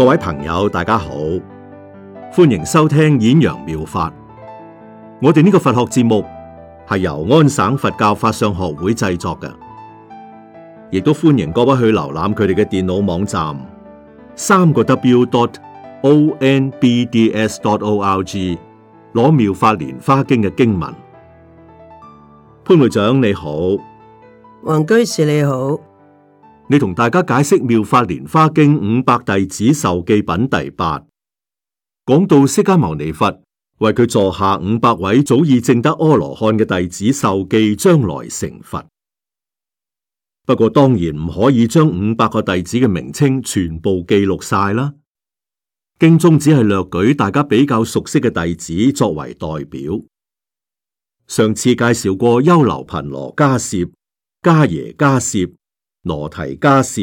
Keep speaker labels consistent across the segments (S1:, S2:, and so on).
S1: 各位朋友，大家好，歡迎收聽演揚妙，妙法。我哋呢個佛學節目係由安省佛教法相學會製作嘅，亦都歡迎各位去瀏覽佢哋嘅電腦網站，三個 w dot o n b d s dot o r g 攞妙法蓮花經嘅經文。潘會長你好，
S2: 黃居士你好。
S1: 你同大家解釋《妙法蓮華經》五百弟子受記品第八，講到釋迦牟尼佛為佢座下五百位早已證得阿羅漢嘅弟子受記將來成佛。不過當然唔可以將五百個弟子嘅名稱全部記錄晒啦，經中只係略舉大家比較熟悉嘅弟子作為代表。上次介紹過優樓頻螺迦葉、伽耶迦葉。羅提加涉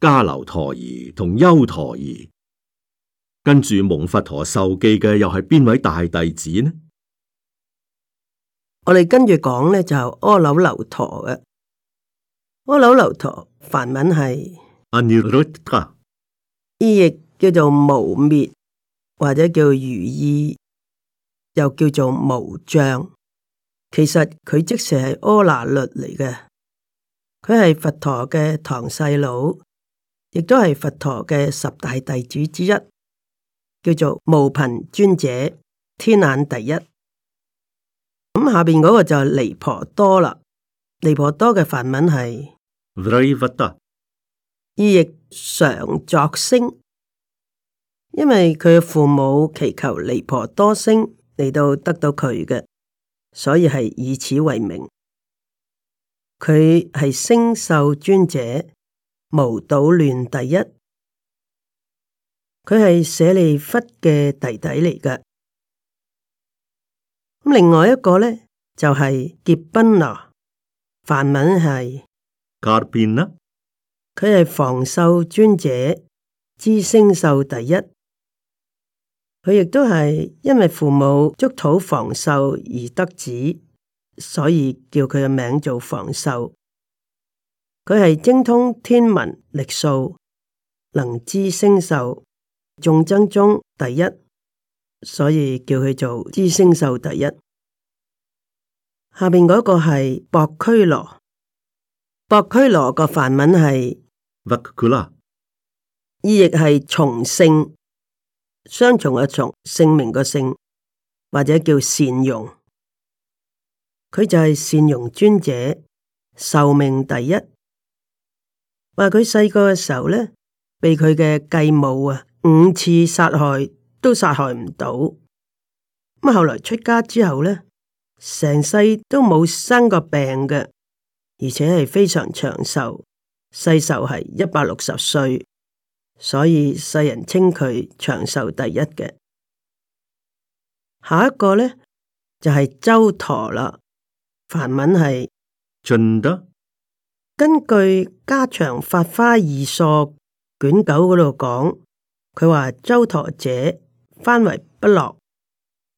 S1: 加留陀兒同優陀兒，跟住蒙佛陀受記嘅又係邊位大弟子呢？
S2: 我哋跟住講咧就係阿耨留陀嘅，阿耨留陀梵文係阿尼羅特迦，依亦 ir 叫做無滅，或者叫如意，又叫做無障。其實佢即係係阿那律嚟嘅。佢係佛陀嘅堂細佬，亦都係佛陀嘅十大弟子之一，叫做無貧尊者，天眼第一。咁、嗯、下面嗰個就離、是、婆多啦，離婆多嘅梵文係
S1: Revata
S2: 意譯常作聲，因為佢嘅父母祈求離婆多聲嚟到得到佢嘅，所以係以此為名。佢係星宿尊者無倒亂第一，佢係舍利弗嘅弟弟嚟㗎。咁另外一個咧就係結賓啦，梵文係
S1: carpina，
S2: 佢係房宿尊者知星宿第一，佢亦都係因為父母祝禱房宿而得子。所以叫佢嘅名做房宿，佢係精通天文歷數，能知星宿，眾僧中第一，所以叫佢做知星宿第一。下面嗰個係薄拘羅，薄拘羅個梵文係 Vakula 亦亦係重姓，雙重嘅重姓名個姓，或者叫善容」。佢就係善容尊者，壽命第一，話佢細個嘅時候呢，被佢嘅繼母啊五次殺害都殺害唔到，咁後來出家之後呢，成世都冇生過病嘅，而且係非常長壽，世壽係一百六十歲，所以世人稱佢長壽第一嘅。下一個呢，就係周陀啦。梵文係盡得。根據家常法花二疏卷九嗰度講，佢話周陀者翻為不落，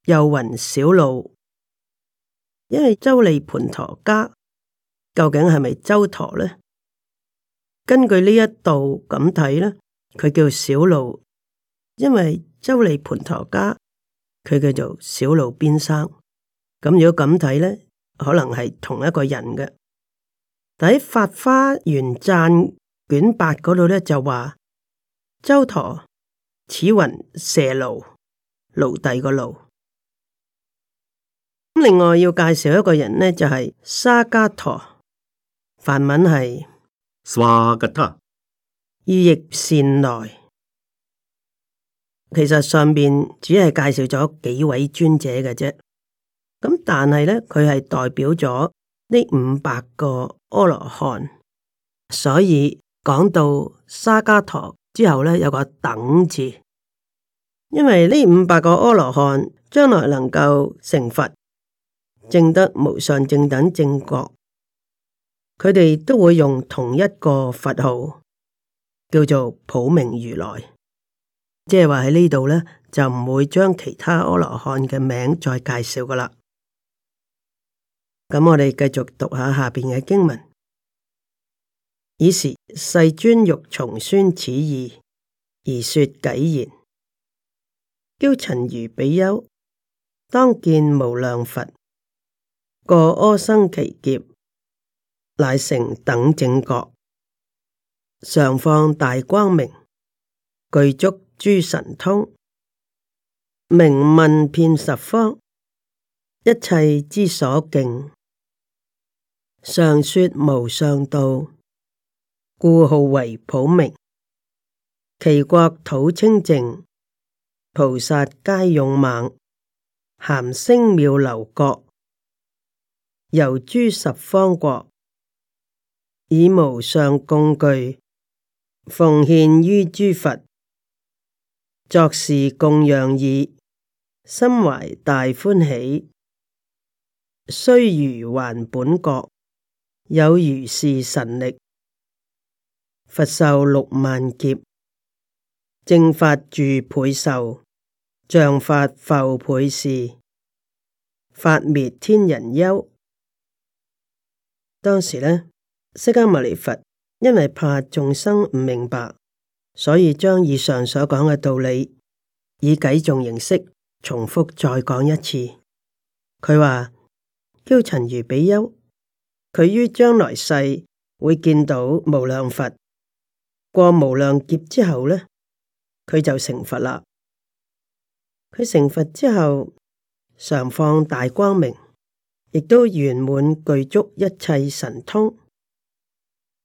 S2: 又云小路。因為周利盤陀家究竟係咪周陀呢？根據呢一度咁睇呢，佢叫小路，因為周利盤陀家佢叫做小路邊生。咁如果咁睇呢，可能係同一個人嘅，但喺《法花元贊卷八》嗰度咧就話：周陀此雲蛇奴奴隸個奴。另外要介紹一個人咧，就係、是、沙加陀，梵文係
S1: Swagata，
S2: 意譯善來。其實上邊只係介紹咗幾位尊者嘅啫。咁但係咧，佢係代表咗呢五百個阿羅漢，所以講到沙加陀之後咧，有個等字，因為呢五百個阿羅漢將來能夠成佛，證得無上正等正覺，佢哋都會用同一個佛號，叫做普明如來，即係話喺呢度咧就唔會將其他阿羅漢嘅名再介紹㗎喇。咁、嗯、我哋繼續讀下下邊嘅經文。爾時世尊欲重宣此意，而說偈言：憍陳如比丘，當見無量佛，過阿僧祇劫，乃成等正覺，常放大光明，具足諸神通，名聞遍十方，一切之所敬。上說無上道，故號為普明。其國土清淨，菩薩皆勇猛，咸升妙樓閣，遊諸十方國，以無上供具奉獻於諸佛，作是供養已，心懷大歡喜，須臾還本國。有如是神力，佛壽六萬劫，正法住倍壽，像法復倍是，法滅天人憂。當時呢，釋迦牟尼佛因為怕眾生唔明白，所以將以上所講嘅道理以偈頌形式重複再講一次。佢話：憍陳如比丘。佢於將來世會見到無量佛，過無量劫之後呢，佢就成佛啦。佢成佛之後常放大光明，亦都圓滿具足一切神通，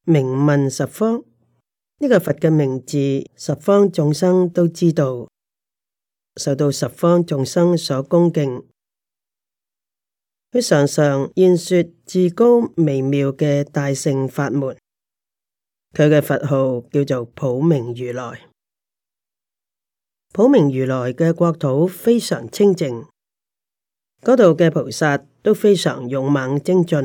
S2: 名聞十方。呢、這個佛嘅名字，十方眾生都知道，受到十方眾生所恭敬。佢常常言說至高微妙嘅大乘法門，佢嘅佛號叫做普明如來。普明如來嘅國土非常清淨，嗰度嘅菩薩都非常勇猛精進，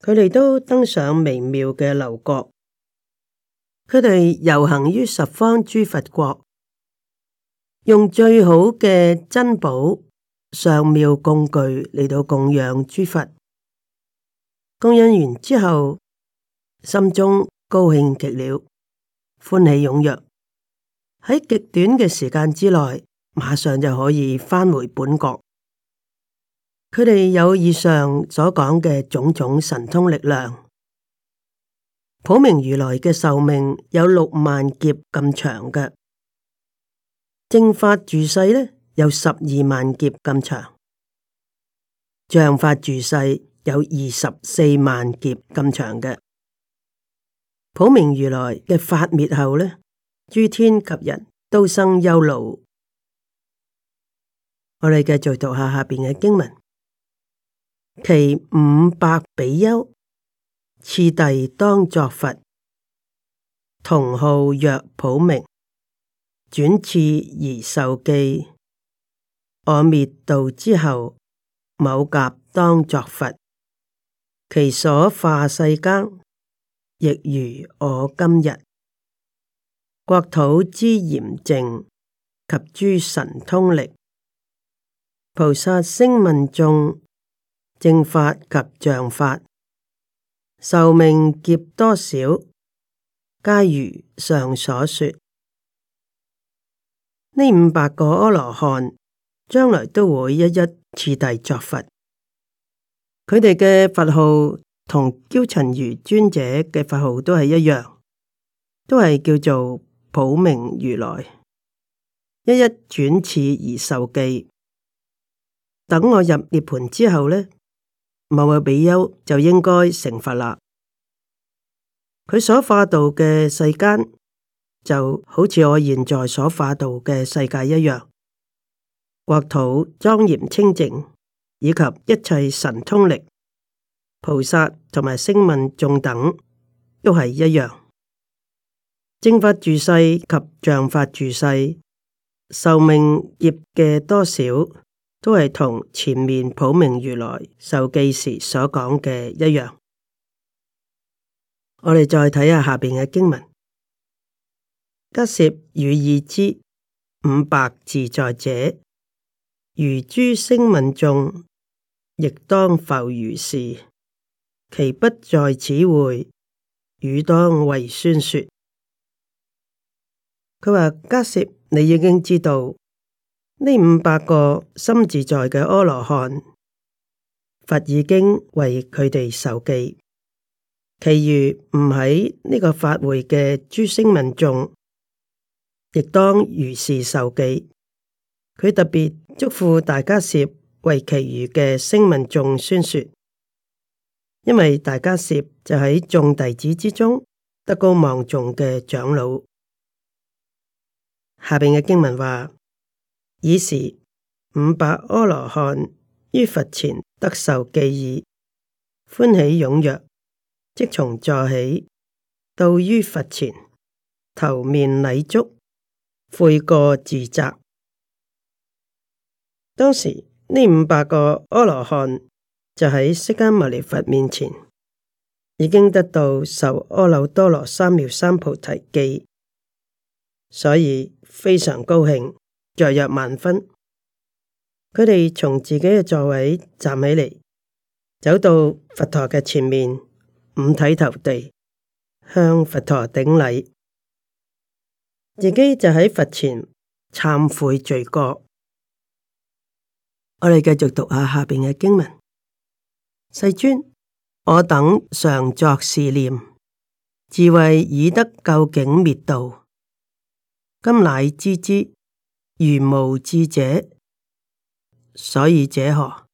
S2: 佢哋都登上微妙嘅樓閣，佢哋遊行於十方諸佛國，用最好嘅珍寶。上妙供具嚟到供養諸佛，供養完之後，心中高興極了，歡喜踊躍。喺極短嘅時間之內，馬上就可以返回本國。佢哋有以上所講嘅種種神通力量。普明如來嘅壽命有六萬劫咁長嘅。正法住世呢？有十二萬劫咁長，像法住世有二十四萬劫咁長嘅。普明如來嘅法滅後呢？諸天及人都生憂勞。我哋繼續讀下下邊嘅經文：其五百比丘，次第當作佛，同號曰普明，轉次而受記。我滅度之後，某甲當作佛，其所化世間亦如我今日國土之嚴淨及諸神通力，菩薩聲聞眾正法及像法壽命劫多少，皆如上所說。呢五百個阿羅漢。將來都會一一次第作佛，佢哋嘅佛號同憍陳如尊者嘅佛號都係一樣，都係叫做普明如來，一一轉次而受記。等我入涅槃之後呢，某甲比丘就應該成佛啦。佢所化度嘅世間，就好似我現在所化度嘅世界一樣。國土莊嚴清淨，以及一切神通力菩薩同埋聲聞眾等，都係一樣。正法住世及像法住世壽命業嘅多少，都係同前面普明如來受記時所講嘅一樣。我哋再睇下下邊嘅經文：迦葉汝已知五百自在者。如諸聲聞眾亦當復如是，其不在此會，汝當為宣說。佢話：迦葉，你已經知道呢五百個心自在嘅阿羅漢，佛已經為佢哋授記，其餘唔喺呢個法會嘅諸聲聞眾，亦當如是授記。佢特別。祝福大家攝為其餘嘅聲聞眾宣說，因為大家攝就喺眾弟子之中德高望重嘅長老。下面嘅經文話：爾時五百阿羅漢於佛前得受記已，歡喜踴躍，即從座起，到於佛前，頭面禮足，悔過自責。當時呢五百個阿羅漢就喺釋迦牟尼佛面前，已經得到受阿耨多羅三藐三菩提記，所以非常高興，雀躍萬分。佢哋從自己嘅座位站起嚟，走到佛陀嘅前面，五體投地，向佛陀頂禮，自己就喺佛前懺悔罪過。我哋繼續讀下下邊嘅經文，世尊，我等常作是念，自謂已得究竟滅度，今乃知之，如無智者，所以者何？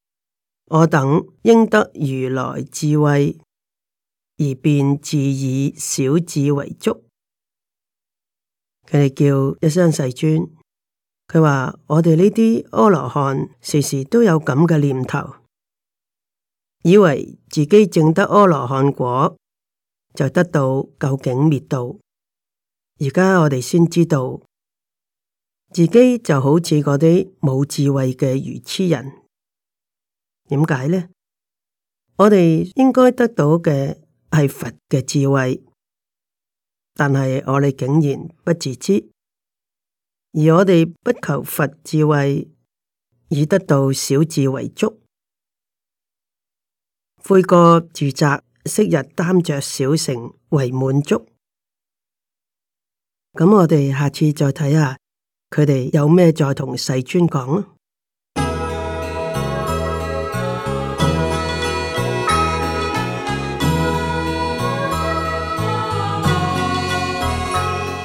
S2: 我等應得如來智慧，而便自以小智為足。佢哋叫一聲世尊。佢話：我哋呢啲阿羅漢，時時都有咁嘅念頭，以為自己證得阿羅漢果，就得到究竟滅度。而家我哋先知道，自己就好似嗰啲冇智慧嘅愚痴人。點解呢？我哋應該得到嘅係佛嘅智慧，但係我哋竟然不自知。而我哋不求佛智慧，以得到小智為足，悔過自責，昔日擔着小城為滿足。咁我哋下次再睇下，佢哋有咩再同世尊講啊？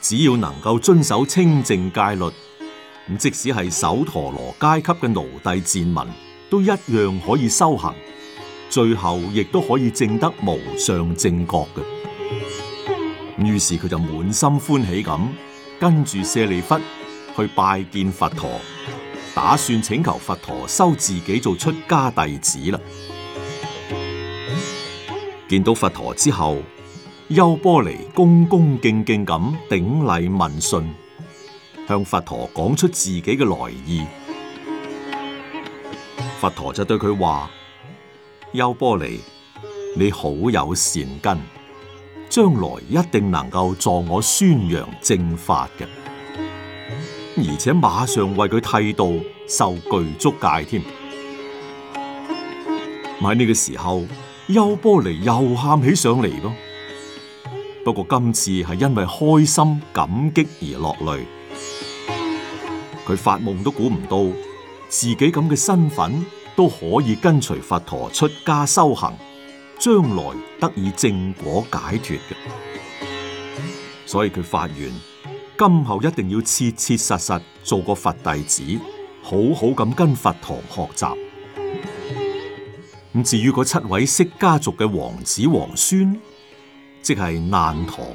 S1: 只要能夠遵守清淨戒律，咁即使係首陀羅階級嘅奴隸賤民，都一樣可以修行，最後亦都可以證得無上正覺嘅。咁於是佢就滿心歡喜咁跟住舍利弗去拜見佛陀，打算請求佛陀收自己做出家弟子啦。見到佛陀之後。優波離恭恭敬敬咁頂禮問訊，向佛陀講出自己嘅來意。佛陀就對佢話：優波離，你好有善根，將來一定能夠助我宣揚正法嘅，而且馬上為佢剃度受具足戒添。喺呢個時候，優波離又喊起上嚟咯。不過今次係因為開心感激而落淚，佢發夢都估唔到自己咁嘅身份都可以跟隨佛陀出家修行，將來得以正果解脫嘅。所以佢發願，今後一定要切切實實做，做個佛弟子，好好咁跟佛陀學習。咁至於嗰七位釋迦族嘅王子王孫，即係難陀、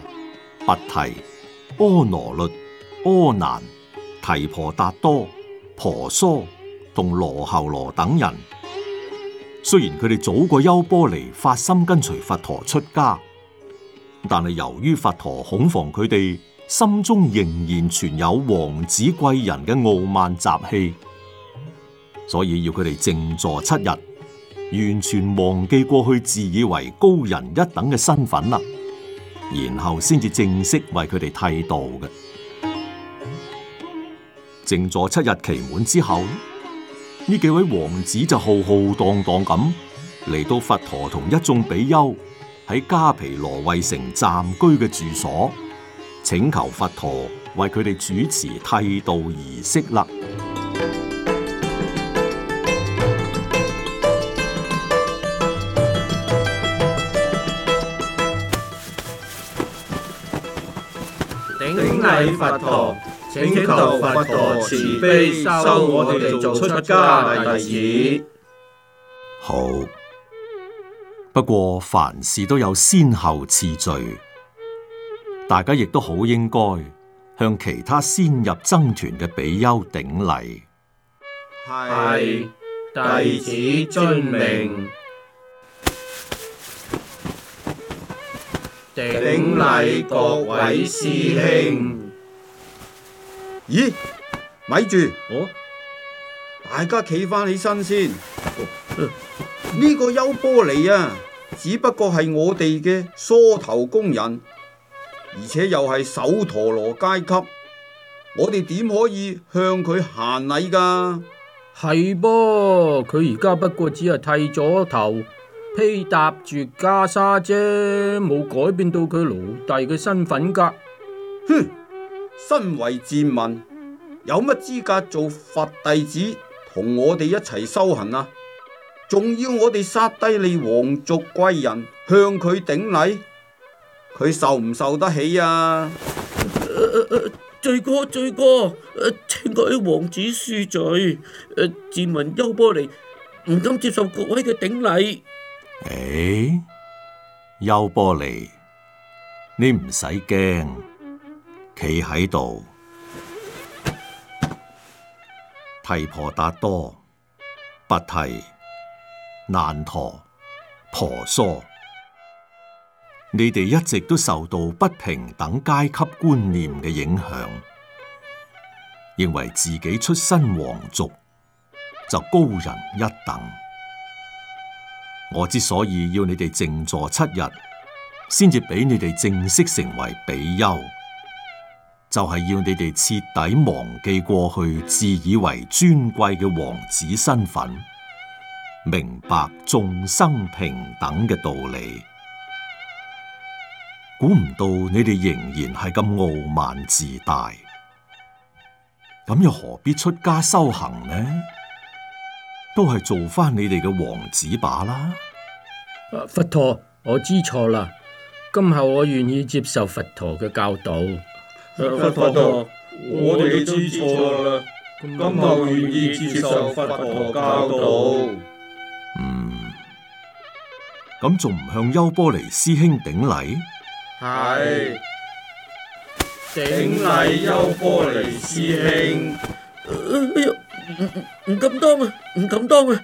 S1: 跋提、阿那律、阿難、提婆達多、婆娑同羅睺羅等人。雖然佢哋早過優波離發心跟隨佛陀出家，但係由於佛陀恐防佢哋心中仍然存有王子貴人嘅傲慢習氣，所以要佢哋靜坐七日。完全忘記過去自以為高人一等嘅身份啦，然後先至正式為佢哋剃度嘅。靜坐七日期滿之後，呢幾位王子就浩浩蕩蕩咁嚟到佛陀同一眾比丘喺加皮羅衛城暫居嘅住所，請求佛陀為佢哋主持剃度儀式啦。拜佛陀，請求佛陀慈悲收我哋嚟做出家弟子。好，不過凡事都有先後次序，大家亦都好應該向其他先入僧團嘅比丘頂禮。係，弟子遵命。頂禮各位師兄！咦，咪住，哦、大家企翻起身先。呢、哦呃、個優波離啊，只不過係我哋嘅梳頭工人，而且又係首陀羅階級，我哋點可以向佢行禮噶？係噃，佢而家不過只係剃咗頭。披搭住袈裟啫，冇改變到佢奴隸嘅身份噶。哼，身為賤民，有乜資格做佛弟子同我哋一齊修行啊？仲要我哋殺低你皇族貴人向佢頂禮，佢受唔受得起啊？罪過、呃呃、罪過，罪過呃、請各位王子恕罪。誒、呃，賤民優波離唔敢接受各位嘅頂禮。誒，優波離，你唔使驚，企喺度。提婆達多、跋提、難陀、婆娑，你哋一直都受到不平等階級觀念嘅影響，認為自己出身皇族就高人一等。我之所以要你哋靜坐七日，先至俾你哋正式成為比丘，就係要你哋徹底忘記過去自以為尊貴嘅王子身份，明白眾生平等嘅道理。估唔到你哋仍然係咁傲慢自大，咁又何必出家修行呢？都係做翻你哋嘅王子罷啦。啊！佛陀，我知錯啦，今後我願意接受佛陀嘅教導。啊、佛陀、陀，我哋都知錯啦，
S2: 今後願意接受佛陀教導。嗯，
S1: 咁仲唔向優波離師兄頂禮？係，頂禮優波離師兄。
S2: 呃呃呃呃呃唔敢當啊，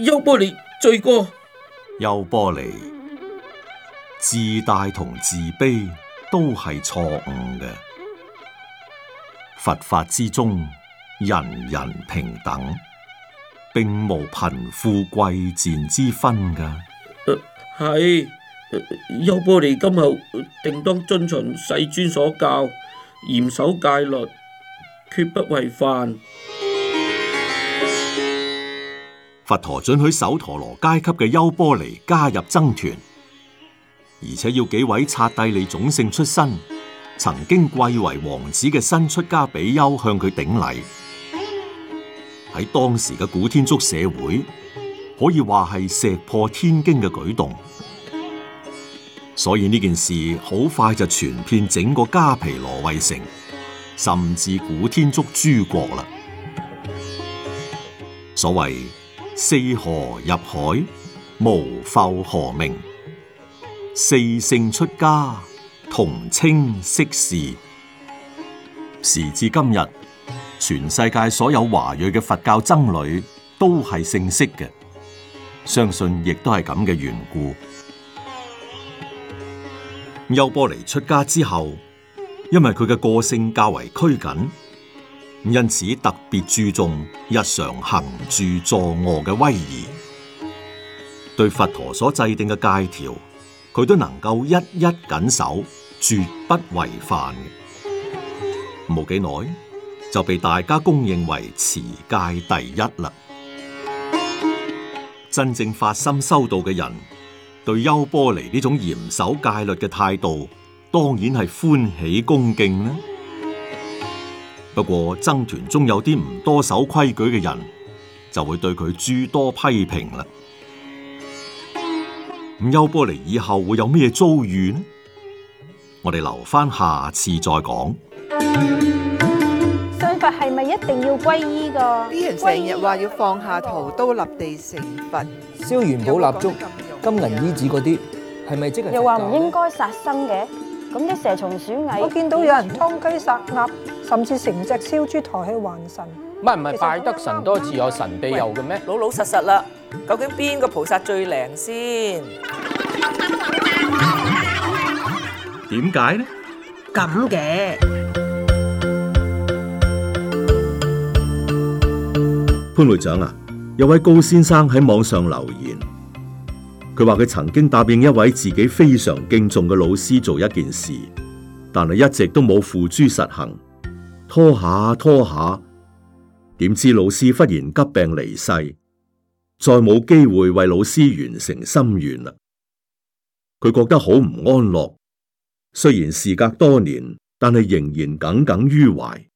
S2: 優波離罪過。
S1: 優波離，自大同自卑都係錯誤嘅。佛法之中，人人平等，並無貧富貴賤之分噶。係，優波離今後定當遵循世尊所教，嚴守戒律，決不違犯。佛陀准許首陀羅階級嘅優波離加入僧團，而且要幾位剎帝利種姓出身、曾經貴為王子嘅新出家比丘向佢頂禮。喺當時嘅古天竺社會，可以話係石破天驚嘅舉動。所以呢件事好快就傳遍整個迦毗羅衛城，甚至古天竺諸國啦。所謂。四河入海，無復河名；四姓出家，同稱釋氏。時至今日，全世界所有華裔嘅佛教僧侶都係姓釋嘅，相信亦都係咁嘅緣故。優波離出家之後，因為佢嘅個性較為拘謹。因此特別注重日常行住坐臥嘅威儀，對佛陀所制定嘅戒條，佢都能夠一一謹守，絕不違犯嘅。冇幾耐就被大家公認為持戒第一啦。真正發心修道嘅人，對優波離呢種嚴守戒律嘅態度，當然係歡喜恭敬啦。不過僧團中有啲唔多守規矩嘅人，就會對佢諸多批評啦。咁優波離以後會有咩遭遇呢？我哋留翻下,下次再講。
S2: 信佛係咪一定要
S1: 皈依噶？啲人成日話要放下屠刀立地成佛，燒元寶蠟燭、有有金銀衣紙嗰啲，係咪？即又話唔應
S2: 該殺生嘅？咁啲蛇蟲鼠蟻，我見到有人劏雞殺鴨，甚至成隻燒豬抬去還神。
S1: 唔係唔係，拜得神多自有神庇佑嘅咩？老老實實啦，究竟邊個菩薩最
S2: 靈先？
S1: 點解呢？
S2: 咁嘅，
S1: 潘會長啊，有位高先生喺網上留言。佢話佢曾經答應一位自己非常敬重嘅老師做一件事，但係一直都冇付諸實行，拖下拖下，點知老師忽然急病離世，再冇機會為老師完成心願啦。佢覺得好唔安樂，雖然事隔多年，但係仍然耿耿於懷。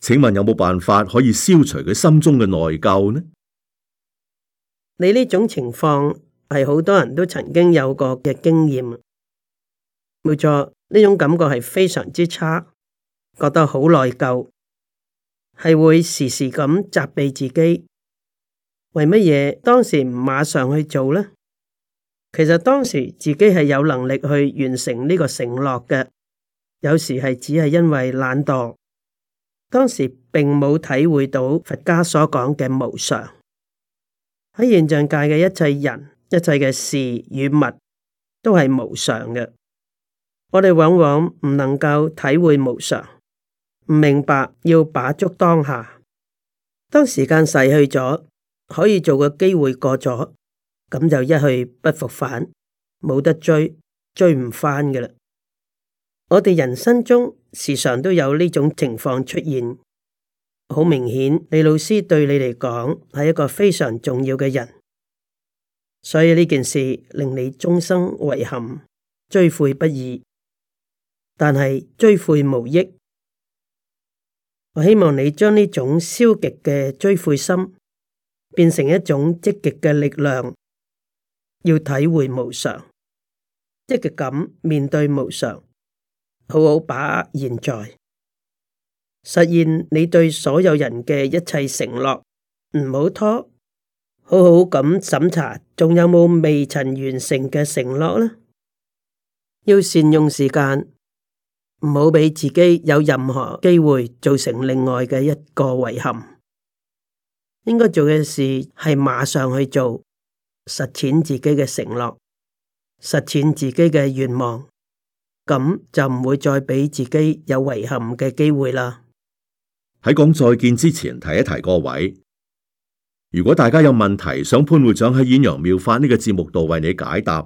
S1: 請問有冇辦法可以消除佢心中嘅內疚呢？
S2: 你呢種情況？係好多人都曾經有過嘅經驗，冇錯，呢種感覺係非常之差，覺得好內疚，係會時時咁責備自己。為乜嘢當時唔馬上去做呢？其實當時自己係有能力去完成呢個承諾嘅，有時係只係因為懶惰，當時並冇體會到佛家所講嘅無常。喺現象界嘅一切人，一切嘅事與物都係無常嘅，我哋往往唔能夠體會無常，唔明白要把握當下。當時間逝去咗，可以做嘅機會過咗，咁就一去不復返，冇得追，追唔翻㗎喇。我哋人生中時常都有呢種情況出現，好明顯。李老師對你嚟講係一個非常重要嘅人。所以呢件事令你終生遺憾，追悔不已，但係追悔無益。我希望你將呢種消極嘅追悔心變成一種積極嘅力量，要體會無常，積極咁面對無常，好好把握現在，實現你對所有人嘅一切承諾，唔好拖。好好咁審查，仲有冇未曾完成嘅承諾呢？要善用時間，唔好俾自己有任何機會造成另外嘅一個遺憾。應該做嘅事係馬上去做，實踐自己嘅承諾，實踐自己嘅願望，咁就唔會再俾自己有遺憾嘅機會啦。
S1: 喺講再見之前，提一提各位。如果大家有問題，想潘會長喺《演揚妙法》呢個節目度為你解答，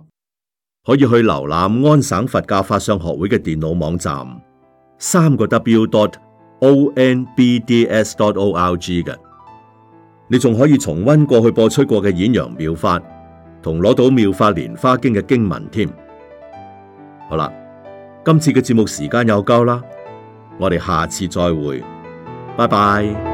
S1: 可以去瀏覽安省佛教法相學會嘅電腦網站，三個 W dot O N B D S dot O L G 嘅。你仲可以重溫過去播出過嘅《演揚妙法》，同攞到《妙法蓮花經》嘅經文添。好啦，今次嘅節目時間又夠啦，我哋下次再會，拜拜。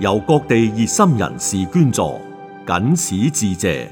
S1: 由各地熱心人士捐助，謹此致謝。